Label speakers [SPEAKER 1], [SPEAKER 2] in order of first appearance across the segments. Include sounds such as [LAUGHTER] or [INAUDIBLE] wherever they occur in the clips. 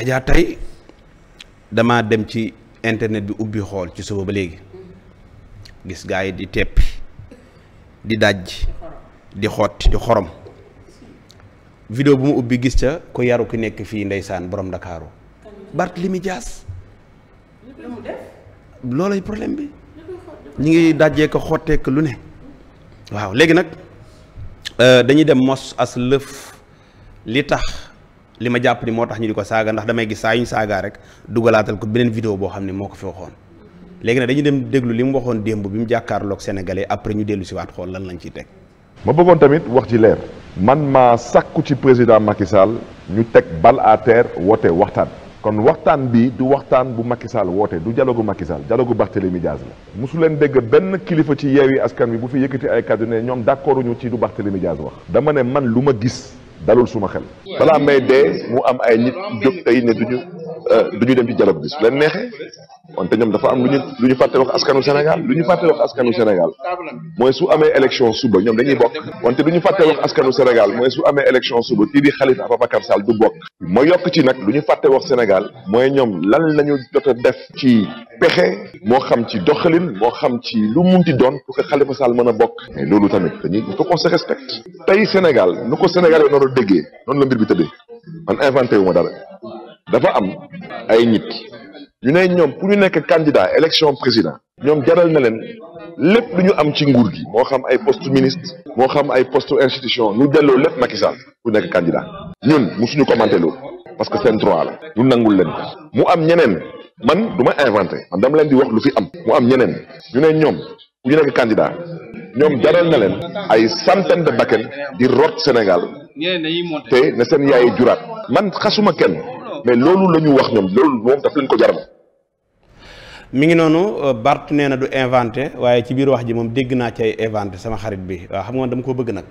[SPEAKER 1] Adja tey damaa dem ci internet bi ubbi xool ci suba ba léegi gis gaa yi di teppi di dajj di xotti di xorom vidéo bu mu ubbi gis ca ko yaru ki nekk fii ndeysaan borom Dakaaru Barthélémy Dias loolay problème bi ñi ngi dajjee ko xottee ko lu ne waaw léegi nag euh, dañuy dem mos as lëf li tax li ma jàpp ni moo tax ñu di ko saaga ndax damay gis saa yu ñu saagaa rek dugalaatal ko beneen vidéo boo xam ne moo ko fi waxoon léegi nag dañu dem déglu li mu waxoon démb bi mu jàkkaarloog sénégalais après ñu dellu waat xool lan lañ ci teg. ma bëggoon tamit wax
[SPEAKER 2] ci leer. man maa sàkku ci président Macky ñu teg bal à woote waxtaan. kon waxtaan bi du waxtaan bu Macky Sall woote du dialogu Macky Sall dialogu Barthélémy Diaz la mosu leen dégg benn kilifa ci yeewi askan wi bu fi yëkkati ay kàddu ne ñoom d'accorduñu ci du Barthélémy Diaz wax dama ne man lu ma gis dalul suma xel balaa may dee mu am ay nit jóg tey ne duñu Euh, du ñu dem ci dialogue bi su leen neexee wante ñoom dafa am lu ñu lu ñu fàtte wax askanu Sénégal lu ñu fàtte wax askanu Sénégal mooy su amee élection suba ñoom dañuy bokk wante lu ñu fàtte wax askanu Sénégal mooy su amee élection suba kii di Khalifa Ababacar saal du bokk moo yokk ci nag lu ñu fàtte wax Sénégal mooy ñoom lan lañu jot a def ci pexe moo xam ci doxalin moo xam ci lu munti doon pour que Khalifa Sall mën a bokk mais loolu tamit dañuy il faut qu'on se respecte tey Sénégal nu ko Sénégal yi noonu déggee noonu la bi man inventé wu ma dara dafa am ay nit ñu ne ñoom pour ñu nekk candidat élection président ñoom jaral na leen lépp lu ñu am ci nguur gi moo xam ay poste ministre moo xam ay poste institution ñu delloo lépp Macky Sall pour nekk candidat ñun musuñu commenté loolu parce que seen droit la ñu nangul leen mu am ñeneen man du ma inventé man dama leen di wax lu fi am mu am ñeneen ñu ne ñoom pour ñu nekk candidat ñoom jaral na leen ay centaine de bakken di rot Sénégal te ne seen yaay juraat man xasuma kenn mais loolu la ñu wax ñoom loolu moom daf leen ko jarama mi ngi noonu Bart nee na
[SPEAKER 1] du inventé waaye ci biir wax ji moom dégg naa ci ay inventé sama xarit bi waaw xam nga dama koo bëgg nag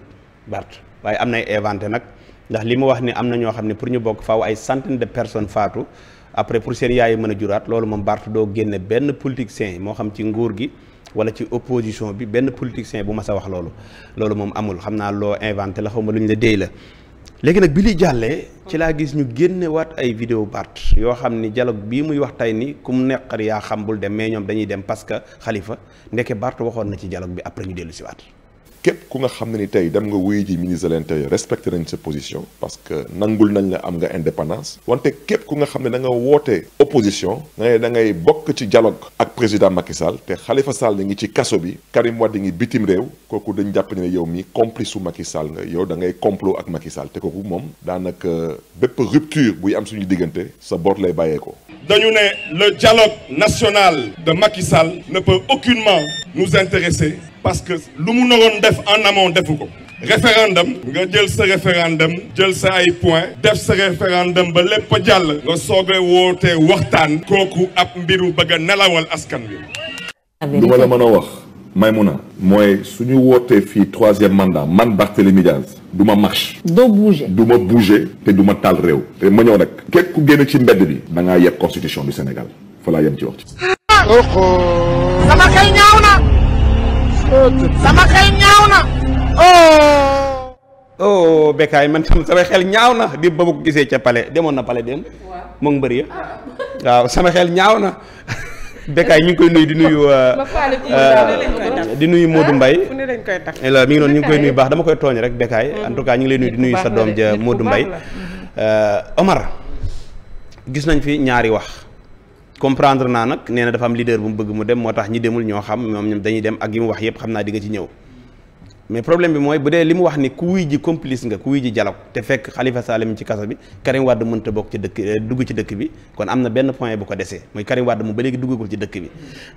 [SPEAKER 1] Bart waaye am na ay inventé nag ndax li ma wax ni am na ñoo xam ne pour ñu bokk faaw ay centaine de personne faatu après pour seen yaay mën a juraat loolu moom Bart doo génne benn politicien moo xam ci nguur gi wala ci opposition bi benn politicien bu mas a wax loolu loolu moom amul xam naa loo inventé la xaw ma lu ñu la déy léegi nag bi li jàllee ci laa gis ñu génne waat ay vidéo Bart yoo xam ni dialogue bii muy wax tey ni ku mu neqar yaa xam bul dem mais ñoom dañuy dem parce que Khalifa ndeke Bart waxoon na ci dialogue bi après ñu dellu si waat
[SPEAKER 2] képp ku nga xam ne ni tey dem nga wuy ji ministre de l'intérieur respecté nañ sa position parce que nangul nañ la am nga indépendance wante képp ku nga xam ne da nga woote opposition nga ne da ngay bokk ci dialogue ak président Macky Sall te xalifa Sall ni ngi ci kaso bi Karim Wade ngi bitim réew kooku dañ jàpp ne yow mi complice su Macky Sall nga yow da ngay complot ak Macky Sall te kooku moom daanaka bépp rupture buy am suñu diggante sa bor lay bàyyee ko dañu ne le dialogue national de Macky Sall ne peut aucunement nous parce que lu mu naroon def en amont defu ko référendum nga jël sa référendum jël sa ay point def sa référendum ba lépp a jàll nga soog a wootee waxtaan kooku ab mbiru bëgg nelawal askan wi du ma la mën a wax Maïmouna mooy su ñu wootee fii troisième mandat man Barthélémy Diaz du ma marche. doo bouger du ma bouger te du ma taal réew. te ma ñëw nag képp ku génn ci mbedd bi. da ngaa yeb constitution du Sénégal fa laa yem ci wax ci.
[SPEAKER 3] sama xel ñaaw na. sama xel ñaaw na.
[SPEAKER 1] oh, oh man tam ñaaw na di ba ma gisee ca palais demoon na pale dem. waaw mu ngi waaw sama xel ñaaw na. Bécaye ñu ngi koy nuyu di nuyu.
[SPEAKER 4] Euh, di nuyu Modou ah, Mbaye. la mi ngi noonu ñu ngi koy nuyu baax dama
[SPEAKER 1] koy tooñ rek Bécaye mm-hmm. en tout cas ñu ngi lay nuyu di nuyu sa doom ja Modou Mbaye euh, Omar gis nañ fi ñaari wax comprendre naa nag nee na dafa am leader bu mu bëgg mu dem moo tax ñi demul ñoo xam moom ñoom dañuy dem ak yu mu wax yépp xam naa di nga ci ñëw mais problème bi mooy bu dee li mu wax ni ku wuy ji complice nga ku wuy ji dialogue te fekk Khalifa Sall mi ci kaso bi Karim Wade mënta bokk ci dëkk eh, dugg ci dëkk bi kon am na benn point bu ko desee muy Karim Wade mu ba léegi duggagul ci dëkk bi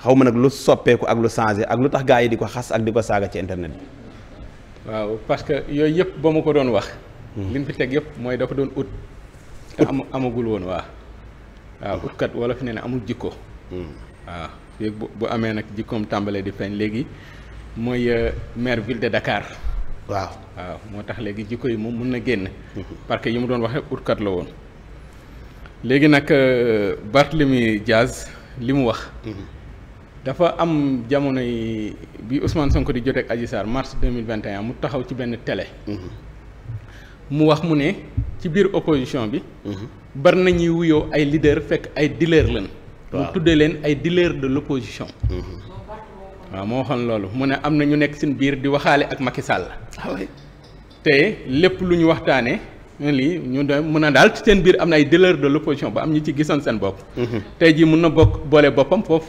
[SPEAKER 1] xaw ma nag lu soppeeku ak lu changé ak lu tax gars yi di ko xas ak di ko saaga ci internet bi.
[SPEAKER 5] waaw parce que yooyu yëpp ba mu ko doon wax. Hmm. li mu fi teg yëpp mooy dafa doon ut. te amagul woon waa waaw utkat wala fi ne ne amul jikko. Hmm. waaw bu amee nag jikkoom tàmbalee di feeñ léegi. mooy euh, maire ville de Dakar. waaw waaw moo tax léegi jikko yi moom mun na génn. Mhm. parce que yi mu doon waxee utkat la woon. léegi nag euh, Barthélemy Diaz li mu wax. Mhm. dafa am jamono yi bi Ousmane Sonko di joteeg Adji Sarr mars deux mille vingt et mu taxaw ci benn tele mhm. mu wax mu ne ci biir opposition bi. bari na ñuy wuyoo ay leader fekk ay dealer lan mu tuddee leen ay dealer de l'opposition. waaw moo waxoon loolu mu ne am na ñu nekk seen biir di waxaale ak Macky Sall. Ah te lépp lu ñu waxtaanee lii ñu doon mën a daal ci seen biir am na ay dealers de l'opposition ba am ñu ci gisoon seen bopp. Mhm. tey jii mun na bokk boole boppam foofu.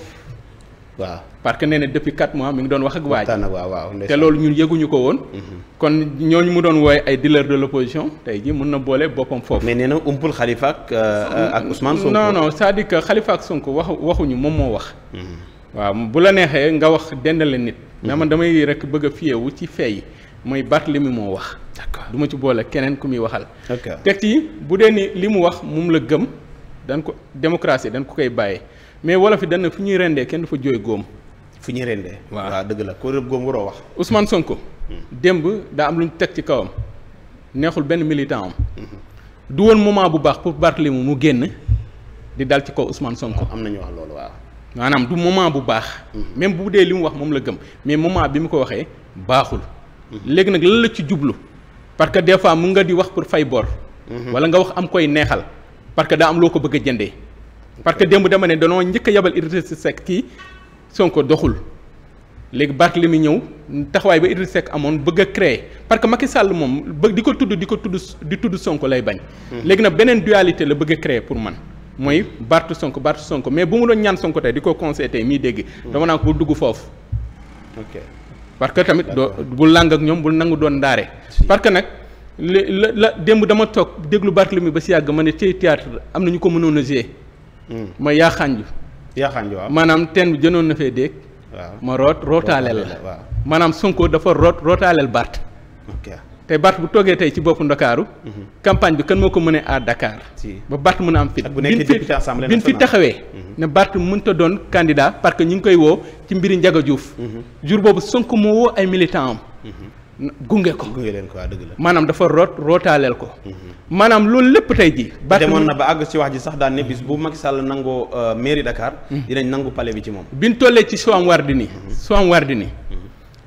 [SPEAKER 5] waaw parce que nee na depuis 4 mois mi ngi doon wax ak. waaj
[SPEAKER 1] waaw waaw te loolu
[SPEAKER 5] ñun yëguñu ko woon. Mhm. kon ñooñu mu doon wooye ay dealers de l'opposition tey jii mun na boole boppam foofu. mais nee na umpul Khalifa ak euh, ak Ousmane Sonko. non non c'est-à-dire ak Sonko waxu waxuñu moom moo wax. Mhm. waaw bu la neexee nga wax dendale nit. mais man damay rek bëgg a fiyewu ci fee mooy mi moo wax. d'accord du ma ci boole keneen ku muy waxal. teg ci bu dee ni li mu wax moom la gëm dañ ko démocratie dañ ko koy bàyyee mais wolof yi dañ na fu ñuy rendee kenn du fa jooy góom. fu ñuy rendee. waaw dëgg la ko rëb góom waroo wax. son ko hmm. démb daa am lu ñu teg ci kawam neexul benn militant am. Hmm. du woon moment bu baax pour Barthélemy mu génn di dal ci kaw Ousmane Sonko. am na ñu wax loolu waaw. maanaam du moment bu baax. même bu dee li mu wax moom la gëm mais moment bi mu ko waxee baaxul. léegi nag lan la ci jublu parce que des fois mun nga di wax pour fay bor. wala nga wax am koy neexal parce que daa am loo ko bëgg a jëndee. parce que démb dama ne danoo njëkk a yabal Idrissa Seck kii Sonko doxul léegi li Barthélemy ñëw taxawaay ba Idrissa Seck amoon bëgg a créer parce que Macky Sall moom bëgg di ko tudd di ko tudd di tudd Sonko lay bañ. Hmm. léegi nag beneen dualité la bëgg a créer man. mooy barte Sonko Bartu sonk mais bu mu doon ñaan Sonko tey di ko conseillé tey miy dégg. dama naa ko bu dugg foofu. ok que tamit doo bul làng ak ñoom bul nangu doon ndaare. parce que nag li la la démb dama toog déglu Barthélemy ba si yàgg ma ne tey théâtre am na ñu ko mënoon a jouer. Hmm. ma yaaxaanju. yaaxaanju waaw maanaam teen bi jënoon na fee dégg. ma root rootaaleel la. maanaam Sonko dafa root rootaaleel Barth. tey Barth bu toogee tey ci boppu Ndakaaru mhm. campagne bi kan moo ko mënee à Dakar ba Barth mën a am fit bin fi taxawee mhm. ne Barth mënta doon candidat parce que ñu ngi koy woo ci mbiri Ndiaga Diouf mhm. jur boobu Sonko moo woo ay militant am gunge ko gunge leen ko dëgg la maanaam dafa root rootaaleel ko maanaam loolu lépp tey jii demoon na ba àgg ci wax ji sax daan ne bis bu Macky Sall nangoo euh, mairie Dakar dinañ nangu pale bi ci moom bin tollee ci Soham Wardini Soham Wardini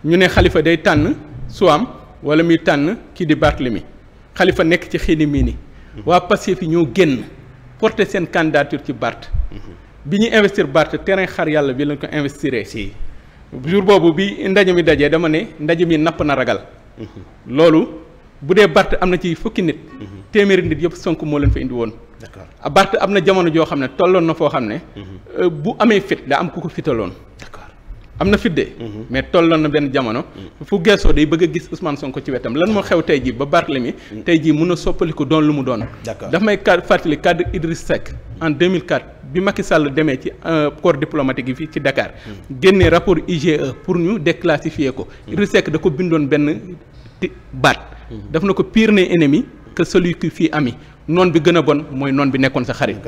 [SPEAKER 5] ñu ne Khalifa day tànn Soham wala mi tànn kii di mi xalifa nekk ci xini mii ni mhm. waa Pastef fi ñoo génn porter seen candidature ci Barth mhm. bi ñu investir Barth terrain xar yàlla bi lañ ko investiree si jour boobu bi ndaje mi dajee dama ne ndaje mi napp na ragal mhm. loolu bu dee barte am na ci fukki nit téeméeri nit yëpp sonk moo leen fa indi woon d'accord am na jamono joo xam ne tolloon na foo xam ne euh, bu amee fit daa am ku ko fitaloon am na fidde mhm. mais tolloon na benn jamono mhm. fu geesoo day bëgg a gis Ousmane Sonko ci wetam lan moo xew tey jii ba mi mhm. tey jii mun a soppaliku doon lu mu doon daf may a fàttali cadre Idriss Seck en 2004 bi Macky Sall demee ci euh, corps diplomatique yi fii ci Dakar génnee rapport IGE pour ñu déclassifier ko Idriss Seck da ko bindoon benn baat daf na ko pire ne ennemi que celui qui fii ami noon bi gën a bon mooy noon bi nekkoon sa xarit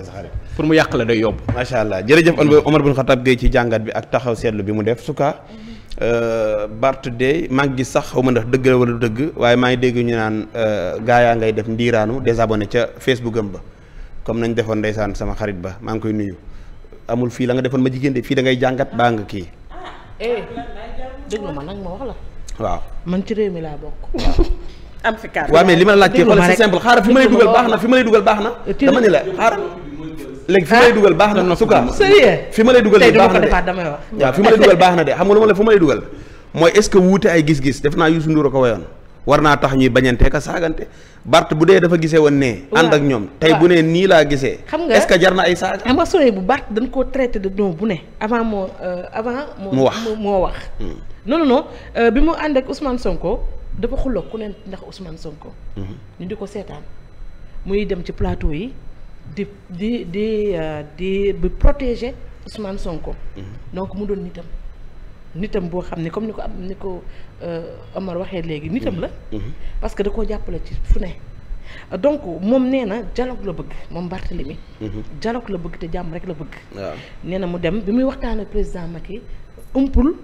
[SPEAKER 5] pour mu yàq la day yóbbu
[SPEAKER 1] macha allah jërëjëf Omar bun Xatab Gueye ci jàngat bi ak taxaw seetlu bi mu def suka euh, Bart de mag ngi gis sax xaw ma ndax dëgg la dëgg waaye maa ngi dégg ñu naan euh, gaa yaa ngay def ndiiraanu désabonné ca Facebook am ba comme nañu defoon ndeysaan sama xarit ba maa ngi koy nuyu amul fii la nga defoon ma jigéen de fii dangay jàngat baa nga kii. Eh, waaw
[SPEAKER 3] man ci réew mi laa bokk. am fi carte waaw li ma la laajtee xoolal c'est simple xaaral fi ma lay dugal baax na
[SPEAKER 1] fi ma baax na dama ni la xaaral léegi fi ma lay dugal baax na
[SPEAKER 3] ma baax
[SPEAKER 1] na de waaw fi ma lay dugal xam nga lu ma lay dugal mooy est-ce que wuute ay gis-gis def naa Youssou Ndour a ko wayoon war naa tax ñuy bañanteek a saagante Bart bu dee dafa gisee woon nee ànd ak ñoom tey bu nee nii laa gisee xam nga est-ce que jar na ay saaga
[SPEAKER 3] xam nga soleil bu Bart dañ koo traité de don bu ne avant moo euh, avant moo wax moo wax noonu non euh, bi mu ànd ak Ousmane Sonko dafa xuloo ku ne ndax Ousmane Sonko. Mhm. ñu di ko seetaan muy dem ci plateau yi di di di euh, di bi protéger Ousmane Sonko. Mhm. donc mu doon nitam. nitam boo xam ne comme ni ko am ni ko euh, Omar waxee léegi nitam la. Mhm. parce que da koo jàppale ci fu ne. donc moom nee na dialogue la bëgg moom Barthélemy. dialogue la bëgg te jàmm rek la bëgg. waaw nee na mu dem bi muy waxtaan ak président Macky umpul.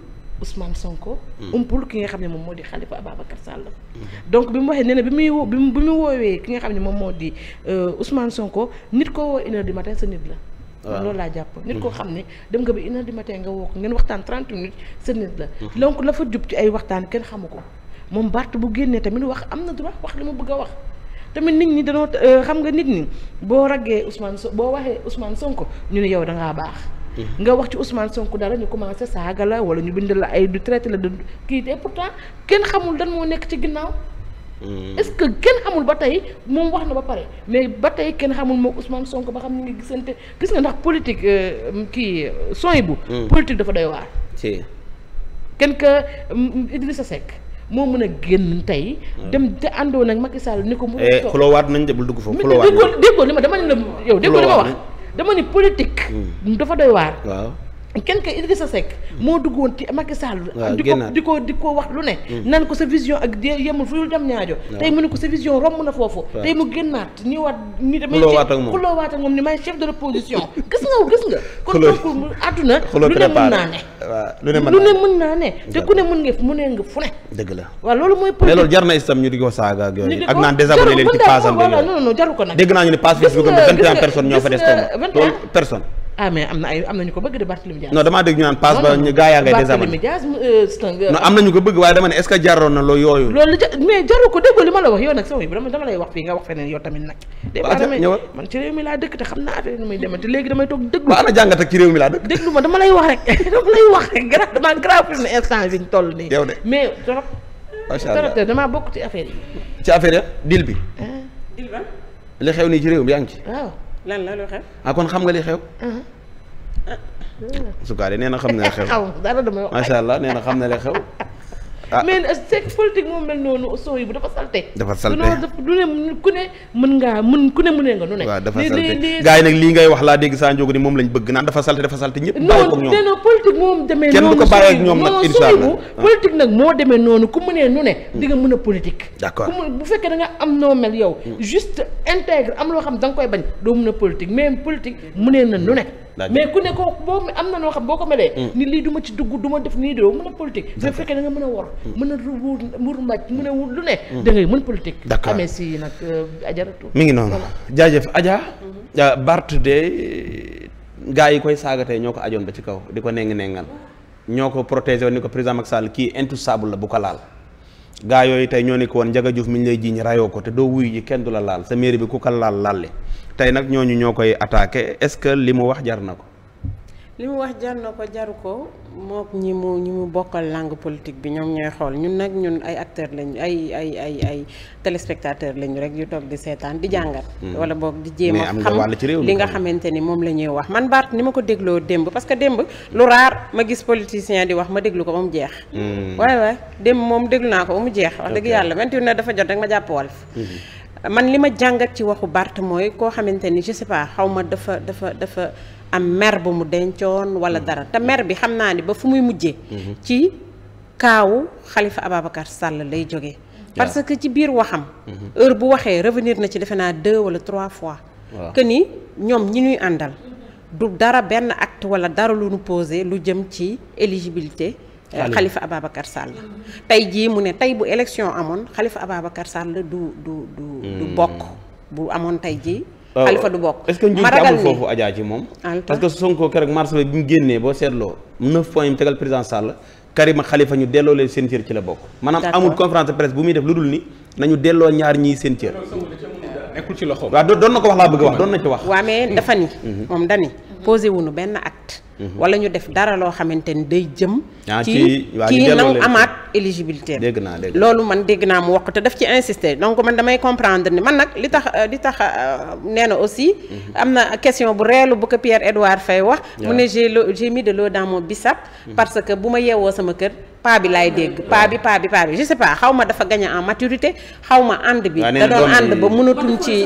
[SPEAKER 3] Ousmane Sonko. Hmm. umpul ki nga xam ne moom moo di xalifa Khalifa Ababacar Sall. Hmm. donc bi mu waxee nee na bi muy wo bi mu woowee ki nga xam ne moom moo di euh, Ousmane Sonko nit koo woo une heure du matin sa nit la.
[SPEAKER 2] waaw loolu laa jàpp nit koo hmm. xam ne
[SPEAKER 3] dem nga ba une heure nga woo ko ngeen waxtaan 30 minutes sa la. donc la fa jub ci ay waxtaan kenn xamu ko moom Barth bu génnee tamit wax am na droit wax wax li mu bëgg a wax. tamit nit ñi danoo euh, xam nga nit ñi boo raggee Ousmane So boo waxee Ousmane Sonko ñu ne yow da baax. Mhm. nga wax ci Ousmane Sonko dara ñu commencé saaga la wala ñu bind la ay du traité la du kii te pourtant kenn xamul dan moo nekk ci ginnaaw. Mhm. est-ce que kenn xamul ba tey moom wax na ba pare mais ba tey kenn xamul moom Ousmane sonk ba xam ñu ngi gisante gis nga ndax politique euh, kii euh, sony bu. Mhm. politique dafa doy waar. si kenn ka sa Seck moo mën a génn tey. dem te àndoon ak Macky Sall ni ko. mu eh, xulóowaat
[SPEAKER 1] nañ de bul dugg foofu xulóowaat
[SPEAKER 3] déggoo li ma dama ne yow déggoo li ma dama ni politique. Hmm. dafa doy waar. waaw quelque Idrissa Seck moo dugg woon ci Macky Sall di ko di ko di ko wax lu ne mm. nan ko sa vision ak yemul fu dem ñaajo tey mu ne ko sa vision romb na foofu tey mu génnaat ni waat ni damay chef de l'opposition [LAUGHS] gis nga gis nga kon donc [LAUGHS] àdduna lu ne mën naa
[SPEAKER 1] ne lu ne
[SPEAKER 3] mën te ku ne mën nga mu ne nga fu ne dëgg la waaw loolu mooy mais loolu jar
[SPEAKER 1] na itam ñu di saaga ak naan désabonné leen ci paasam non
[SPEAKER 3] non jaru ko nag dégg vingt et un ñoo fa des personne ah am na ay am na ñu ko bëgg de Barthélémy Dias. non
[SPEAKER 1] damaa dégg ñu naan passe ba ñu gaa yaa ngay désamane.
[SPEAKER 3] Barthélémy euh, am na
[SPEAKER 1] ñu ko bëgg waaye dama ne est jaroon na loo yooyu.
[SPEAKER 3] loolu ja ko déggoo li ma la dëkk te xam naa affaire yi nu muy demee te léegi damay toog déglu. ma dama lay wax rek [LAUGHS] dama lay wax rek gra damaa grave fi mu instant bi ñu toll nii. yow de mais trop.
[SPEAKER 1] macha
[SPEAKER 3] bokk ci affaire yi.
[SPEAKER 1] ci affaire ya deal bi. li xew nii ci réew mi yaa lan la lu ah kon xam nga li xew.
[SPEAKER 3] Mm-hmm. Ah.
[SPEAKER 1] su ko nee na xam na li xew.
[SPEAKER 3] [LAUGHS]
[SPEAKER 1] macha allah nee na xam na li xew. [LAUGHS] Ah.
[SPEAKER 3] mais c'est politique moom mel noonu son yi bu dafa salte dafa salte du ne ku ne mën ngaa mën ku ne mënee nga nu ne waaw dafa salte gars yi nag lii
[SPEAKER 1] ngay wax laa dégg saa njóogu ni moom lañ bëgg naan dafa salte dafa salte ñëpp bàyyi ko ñoom non
[SPEAKER 3] non politique moom demee noonu kenn du ko bàyyi ak ñoom nag inshallah ah. politique nag moo demee noonu ku mënee nu ne hmm. di a politique d'accord bu fekkee da am noo mel yow hmm. juste intègre am loo xam da nga koy bañ doo mën a politique mais politique mënee na nu ne mais ku ne ko boo am na noo xam boo ko melee mm. ni lii duma ci dugg duma def nii doo mën a politique mais fekkee nga mën a wor mm. mën a wur wur mbaj mën a wur lu ne mm. da ngay mën politique amee si nag euh, ajaratu mi ngi noonu
[SPEAKER 1] jaajëf Adja mm-hmm. euh, Bart de euh, gaa yi koy saagatee ñoo ko ajoon ba ci kaw di ko neng nengal ñoo ko protégé woon ni ko président Macky Sall kii intouchable la bu ko laal gaa yooyu tey ñoo ni ko woon Njaga Juuf mi ñu lay jiiñ rayoo ko te doo wuyu ji kenn du la laal sa mairie bi ku ko laal laale tey nag ñooñu ñoo koy attaqué est-ce que li mu wax jar na ko
[SPEAKER 4] li mu wax jar ko jaru ko mook ñi mu ñi mu bokkal langue politique bi ñoom ñooy xool ñun nag ñun ay acteur lañu ay ay ay ay téléspectateur lañu rek yu toog di seetaan di jàngat. Hmm. wala boog di jéem a xam li nga xamante ni moom la ñuy wax man baat ni ma ko dégloo démb parce que démb lu raar ma gis politicien di wax ma déglu ko ba mu jeex.
[SPEAKER 3] Hmm. waay
[SPEAKER 4] waay démb moom déglu naa ko ba mu jeex. wax dëgg yàlla vingt une dafa jot rek ma jàpp Walf. Hmm. man li ma jàngat ci waxu Barth mooy koo xamante ni je pas xaw ma dafa dafa dafa. am mer bu mu dencoon wala mm-hmm. dara te mer bi xam naa ni ba fu muy mujjee mm-hmm. ci kaawu xalifa Ababacar Sall lay jógee parce que ci biir waxam mm-hmm. heure bu waxee revenir na ci defe naa deux wala trois fois que ni ñoom ñi ñuy àndal du dara benn act wala dara lu nu posé lu jëm ci éligibilité euh, Khalifa Ababacar Sall tey jii mu ne tey bu élection amoon xalifa Ababacar Sall du du du du mm. bokk bu amoon tey jii Ah, Khalifa du bokk. est-ce que njuum amul foofu Adja ci moom. parce que
[SPEAKER 1] Sonko keroog mars bi mu génnee boo seetloo neuf points yi mu tegal président Sall Karim ak Khalifa ñu delloo leen seen cër ci la bokk. maanaam amul conférence de presse bu muy def lu dul ni nañu delloo ñaar ñii seen cër. nekkul ci loxo. doon na ko wax laa bëgg a wax doon na ci wax.
[SPEAKER 4] waaw mais dafa ni. Mhm. moom dani posé wuñu benn acte. Mhm. wala ñu def dara loo xamante ni day jëm ah, ci kii nangu amaat éligibilité loolu man dégg naa mu wax te def ci insister donc man damay comprendre ni man nag li tax euh, li tax euh, nee na aussi mhm. am na question bu reelu bu ko Pierre Edouard Faye wax mu ne j'ai j'ai mis de l'eau dans mon mhm. parce que bu ma yeewoo sama kër pa bi laay dégg pa bi pa bi pa bi je sais xaw ma dafa gagné en maturité xaw ma ànd bi da doon ànd ba mënatuñ ci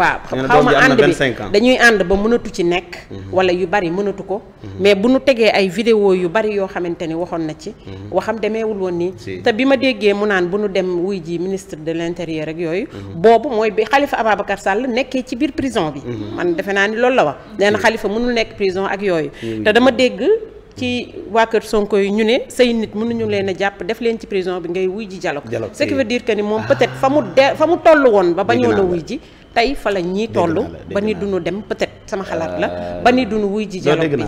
[SPEAKER 4] waaw xaw ma ànd bi dañuy ànd ba mënatu ci nekk wala yu bari mënatu ko mais bu nu tegee ay vidéo yu bari yoo xamante ni waxoon na ci mhm. waxam demeewul woon nii te bi ma déggee mu naan bu nu dem wuy ji ministre de l'intérieur ak yooyu mhm. boobu mooy bi xalifa Ababacar Sall nekkee ci biir prison bi mhm. man defe naa ni loolu la wax nee xalifa Khalifa nekk prison ak yooyu te dama dégg ci waa kër Sonko yi ñu ne say nit mënuñu leen a jàpp def leen ci prison bi ngay wuy ji dialogue ce qui veut dire que ni moom ah. peut-être fa mu de fa mu toll woon ba bañoon a wuy ji tey fa la ñii tollu ba ni duñu dem peut-être sama xalaat la euh, ba ni duñu wuy ji dialogue bi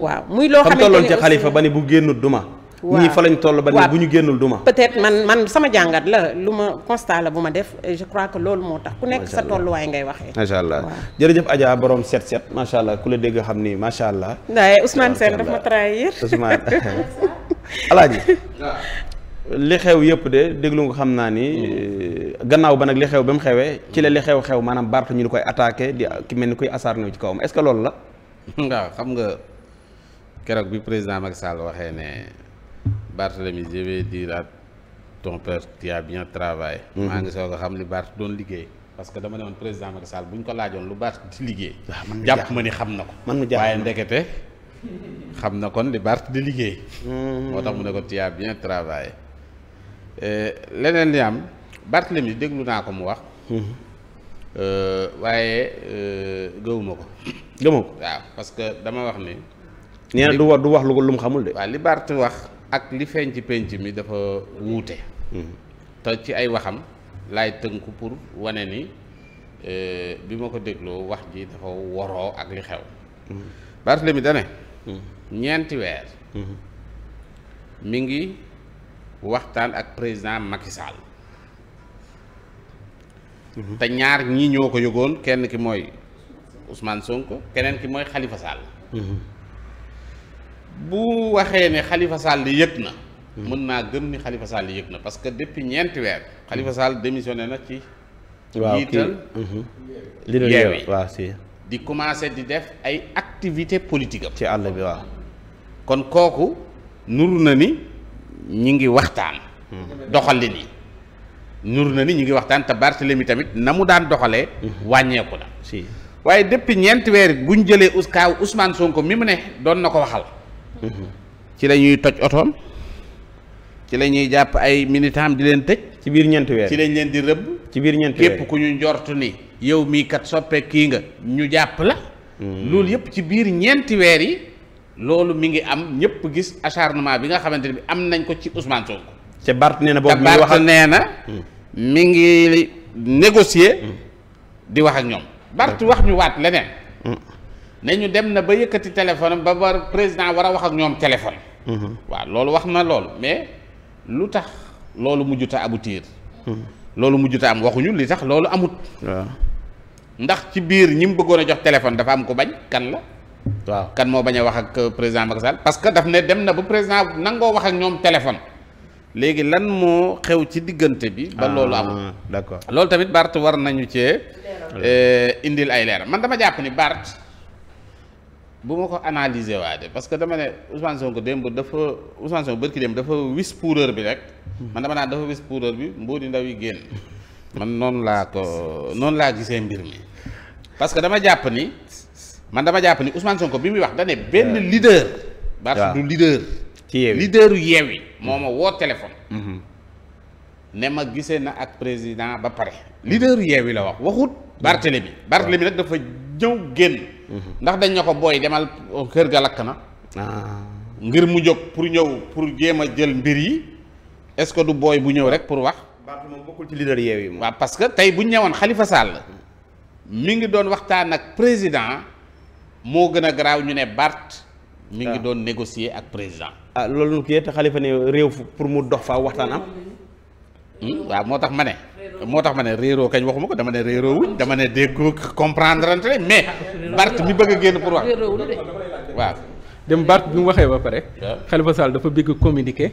[SPEAKER 4] waaw muy loo xam ne ci xalifa
[SPEAKER 1] ba ni bu génn duma ñii fa lañ toll ba ne bu ñu génnul duma
[SPEAKER 4] peut-être man man sama jàngat la lu ma constat la bu ma def je crois que loolu moo tax ku nekk sa tolluwaay ngay waxee
[SPEAKER 1] macha allah jërëjëf Adja borom set set macha allah ku la dégg xam ni macha allah
[SPEAKER 4] waaye Ousmane Sène daf ma trahir
[SPEAKER 1] Ousmane [LAUGHS] alaaji li xew yëpp de déglu nga xam naa ni hmm. eh, gannaaw ba nag li xew ba mu xewee ci la li xew xew maanaam Barth ñu di koy attaqué di ki mel
[SPEAKER 6] ni kuy asaar ñëw ci kaw est-ce que loolu la [LAUGHS] waaw xam nga keroog bi président Macky Sall waxee ne Barthélemy je vais dire ton père tu bien travaillé. Mhm. maa ngi soog a xam li Barth doon liggéey. parce que dama ne woon président Macky Sall bu ñu ko laajoon lu Barth di liggéey. Ah, jàpp ma ni xam na ko. man waaye ndekete xam na kon li Barth di liggéey.
[SPEAKER 5] Mhm. moo tax mu ne
[SPEAKER 6] ko tu as bien travaillé. Eh, leneen li am Barthélemy déglu naa ko mu wax. Mhm. Euh, waaye euh, gëwuma ko. gëmoo waaw parce que dama wax ni. nee du wax du wax lu ko lu mu xamul de. waaw li Barth wax. ak li feeñ ci pénc mi dafa wuute mm-hmm. te ci ay waxam laay tënku pour wane ni e, bi ma ko dégloo wax ji dafa woroo ak li xew mm-hmm. Barthélemy dane mm-hmm. ñeenti weer mi ngi waxtaan ak président makisaal Sall te ñaar ñi ñoo ko yëgoon kenn ki mooy usmaan Sonko keneen ki mooy Khalifa Sall bu waxee ne xalifa Sall yëg na. mën naa gëm ni xalifa Sall yëg na parce que depuis ñeenti weer Khalifa Sall démissionné na ci. waaw jiital mhm. di commencé di def ay activité politique ci àll bi waaw. kon kooku nur na ni ñu ngi waxtaan.
[SPEAKER 5] Mhm. doxalin
[SPEAKER 6] yi nuru na ni ñu ngi waxtaan te Barthélemy tamit na mu daan doxalee. Mhm. wàññeeku na. si waaye depuis ñeenti weer bu ñu jëlee Ouska usmaan Sonko mi mu ne doon na ko waxal. ci lañuy toj otoom ci la ñuy jàpp ay militant di leen tëj. ci biir ñeenti weer ci lañ leen di rëbb. ci biir ñeenti weer képp ku ñu njort ni. yow mii kat soppe kii nga ñu jàpp la. Hmm. loolu yëpp ci biir ñeenti weer yi. loolu mi ngi am ñëpp gis acharnement bi nga xamante bi am nañ ko ci Ousmane Sonko. te Bart nee na boobu mi ngi wax nee na. Hmm. mi ngi négocier. Hmm. di wax ak ñoom. Bart wax ñu waat leneen. ne ñu dem na ba yëkkati téléphone ba ba président war a wax ak ñoom téléphone. Mhm. waaw loolu wax na loolu mais lu tax loolu mujjuta a loolu mujjuta am waxuñu li tax loolu amut. waaw ndax ci biir ñi mu bëggoon a jox téléphone dafa am ko bañ kan la. waaw kan moo bañ a wax ak euh, président Macky Sall parce que daf ne dem na ba président nangoo wax ak ñoom téléphone. léegi lan moo xew ci diggante bi. ba ah, loolu amul d'accord loolu tamit Bart war nañu cee. Euh, indil ay leer man dama jàpp Bart. bu ma ko analyser waa parce que dama ne Ousmane Sonko démb dafa Ousmane Sonko bërki démb dafa wis puudar bi rek hmm. man dama naan dafa wis puudar bi mbuur di ndaw yi génn man noonu laa ko noonu laa gisee mbir mi parce que dama jàpp ni man dama jàpp ni Ousmane ko bi muy wax da ne benn leader baax du leader ci yeewi leaderu yeewi moo hmm. ma woo téléphone hmm. ne ma gisee na ak président ba pare leaderu yeewi la wax waxut Barthélemy Barthélemy nag dafa ñëw génn. ndax dañ ne ko booy demal kër ga lakk na. Ah. ngir mu jóg pour ñëw pour jéem a jël mbir yi est-ce que du booy bu ñëw rek pour wax. Barth ci leader yeew parce que tey bu ñu ñëwoon Khalifa Sall. mi ngi doon waxtaan ak président moo gën a garaaw ñu ne bart mi ngi ah. doon négocier ak président. ah loolu nu kii te Khalifa ne réew pour mu dox fa waxtaan am. Hmm? waaw moo tax ma ne. moo tax ma ne réeroo kañ waxuma ko dama ne réeroo wuñ dama ne déggoo comprendre ante mais Bart mi bëgg a génn pour wax waaw
[SPEAKER 5] dem Bart bi mu waxee ba pare Khalifa Sall dafa bëgg communiquer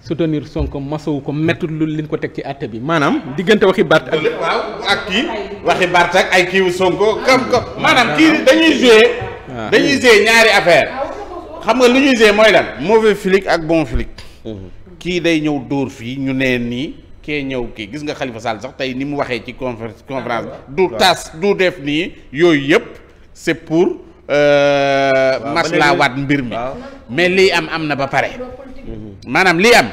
[SPEAKER 5] soutenir Sonko masawu ko méttul lu liñ ko teg ci àtte bi maanaam diggante waxi Bart ak waaw ak kii waxi Bart ak ay kiiwu Sonko kam kam
[SPEAKER 6] maanaam kii dañuy jouer ah. dañuy jouer ñaari affaire xam nga lu ñuy jouer mooy la mauvais flic ak bon flic mhm. kii day ñëw dóor fii ñu nee nii kee ñëw kii gis nga Khalifa Sall sax tey ni mu waxee ci conférence conférence ah, du tas du def nii yooyu yëpp c'est pour euh, maslaawaat mbir mi mais lii am am na ba pare maanaam lii am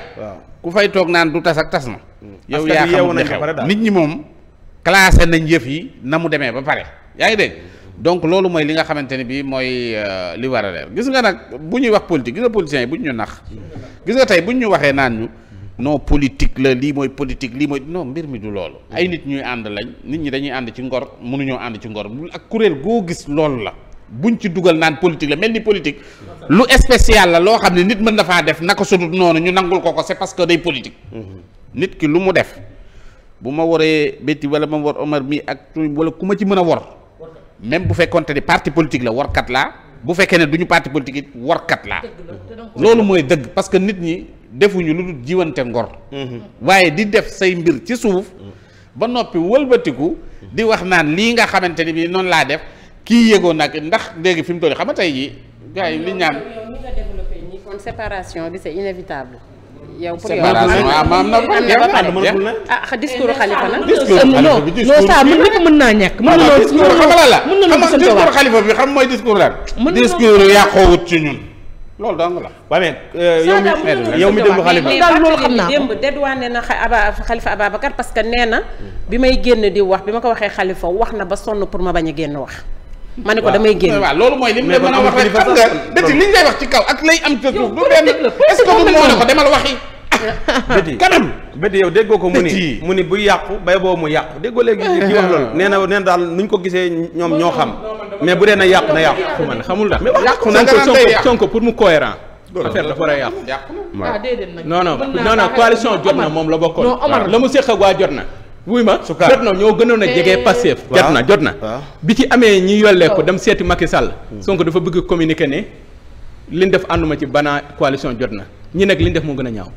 [SPEAKER 6] ku fay toog naan du tas ak tas na hmm. yow yaa xamul xew nit ñi moom classé nañ yëf yi na mu demee ba pare yaa ngi dégg donc loolu mooy li nga xamante ni bii mooy euh, li war a leer gis nga nag bu ñuy wax politique gis nga politiciens yi bu ñu ñu nax gis nga tey bu ñu waxee naan ñu non politique la lii mooy politique lii mooy non mbir mi du loolu. ay nit ñuy ànd lañ nit ñi dañuy ànd ci ngor munuñoo ànd ci ngor ak kuréel goo gis loolu la buñ ci dugal naan politique la mel ni politique. lu spécial la loo xam ne nit mën na faa def naka sudut noonu ñu nangul ko ko c'est parce que day politique. Mm-hmm. nit ki lu mu def bu ma waree bétti wala ma wor Omar mi ak wala ku ma ci mën a war. même bu fekkoonte ni parti politique la warkat la bu fekkee n du ñu parti politique it warkat laa. loolu mooy dëgg parce que nit ñi. defuñu lu dul jiwante ngor waaye di def say mbir ci suuf ba noppi wëlbatiku di wax naan lii nga xamante ni bi noonu laa def kii yëgoon nag ndax léegi fi mu toll xam nga tey jii gars yi
[SPEAKER 4] li kon séparation bi c'est inévitable yow pour yow am na ah discours xalifa nag. discours xalifa
[SPEAKER 3] bi discours mën naa ñàkk. mën na discours xamala la mën
[SPEAKER 6] na discours xalifa bi xam mooy discours lan. discours yàqoowut ci ñun. loolu dong la waaw mais euh,
[SPEAKER 1] yow mi yow mi déglu daal loolu xam naa démb
[SPEAKER 4] dédouané na aba xalifa Ababacar parce que nee na bi may génn di wax bi ma ko waxee xalifa wax na ba sonn pour ma bañ a génn wax ma ne ko damay génn waaw loolu mooy li mu mën a wax rek xam nga dëti li ñu lay wax ci kaw ak lay am suuf du moo
[SPEAKER 5] ne ko demal waxi [LAUGHS] bëti kanam bëti yow déggoo ko mu ni
[SPEAKER 1] mu ni bu yàqu bay boo mu yàqu déggoo léegi ci [LAUGHS] wax loolu nee na nee na daal nuñ ko gisee ñoom ñoo xam
[SPEAKER 5] mais bu dee na yàqu na yàqu man xamul ndax. na Sonko Sonko pour mu cohérent affaire dafa war a yàqu. Ah, non non non non coalition jot na moom la bokkoon. la mu séq waa jot na. wuy ma jot na ñoo gënoon a jege eh, Pastef. jot na jot na. bi ci amee ñi yollee ko oh. dem seeti Macky Sall. Hmm. Sonko dafa bëgg communique ne li ñu def ànduma ci banaa coalition jot na ñi nag li ñu def moo gën a ñaaw.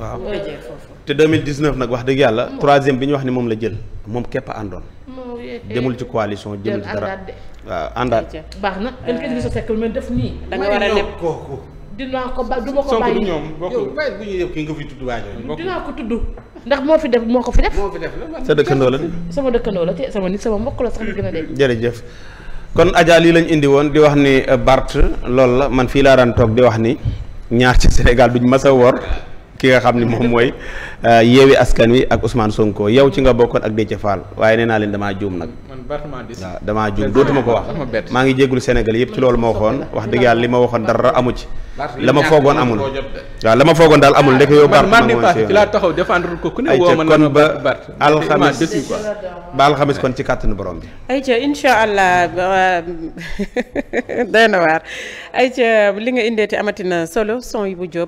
[SPEAKER 5] waaw te 2019 nag wax dëgg yàlla
[SPEAKER 1] hmm. troisième bi ñu wax ni moom la jël moom képp a àndoon. demul ci coalition jëmul ci dara.
[SPEAKER 6] waaw àndaat
[SPEAKER 3] baax na kenn kenn Idrissa Seck lu mel def nii da nga war a leb kooku dinaa ko ba du ma ko bàyyi ñoom bokkul bu ñuy def
[SPEAKER 6] kii nga fi tudd
[SPEAKER 1] dinaa
[SPEAKER 3] ko tudd ndax moo fi def moo ko fi def moo def la sa dëkkandoo la sama dëkkandoo la te sama nit sama mbokk la sax ñu gën a dee
[SPEAKER 1] jërëjëf kon Adja lii lañu indi woon di wax ni Bart loolu la man fii laa daan toog di wax ni ñaar ci Sénégal ñu ma a wor ki nga xam ni moom mooy euh, yeewi askan wi ak Ousmane Sonko yow ci nga bokkoon ak Déthié Fall waaye nee naa leen damaa juum nag waaw juum dootuma ko wax maa ngi jéggul Sénégal yëpp ci loolu ma waxoon wax dëgg yàlla li ma waxoon dara amu ci la ma foogoon amul waaw la ma foogoon daal amul ndeke yow kon
[SPEAKER 5] ba alxamis
[SPEAKER 4] ba alxamis
[SPEAKER 1] kon ci kàttanu borom bi
[SPEAKER 4] ayca incha allah [LAUGHS] doy na waar ayca li nga indeeti amatina solo son yi bu jóob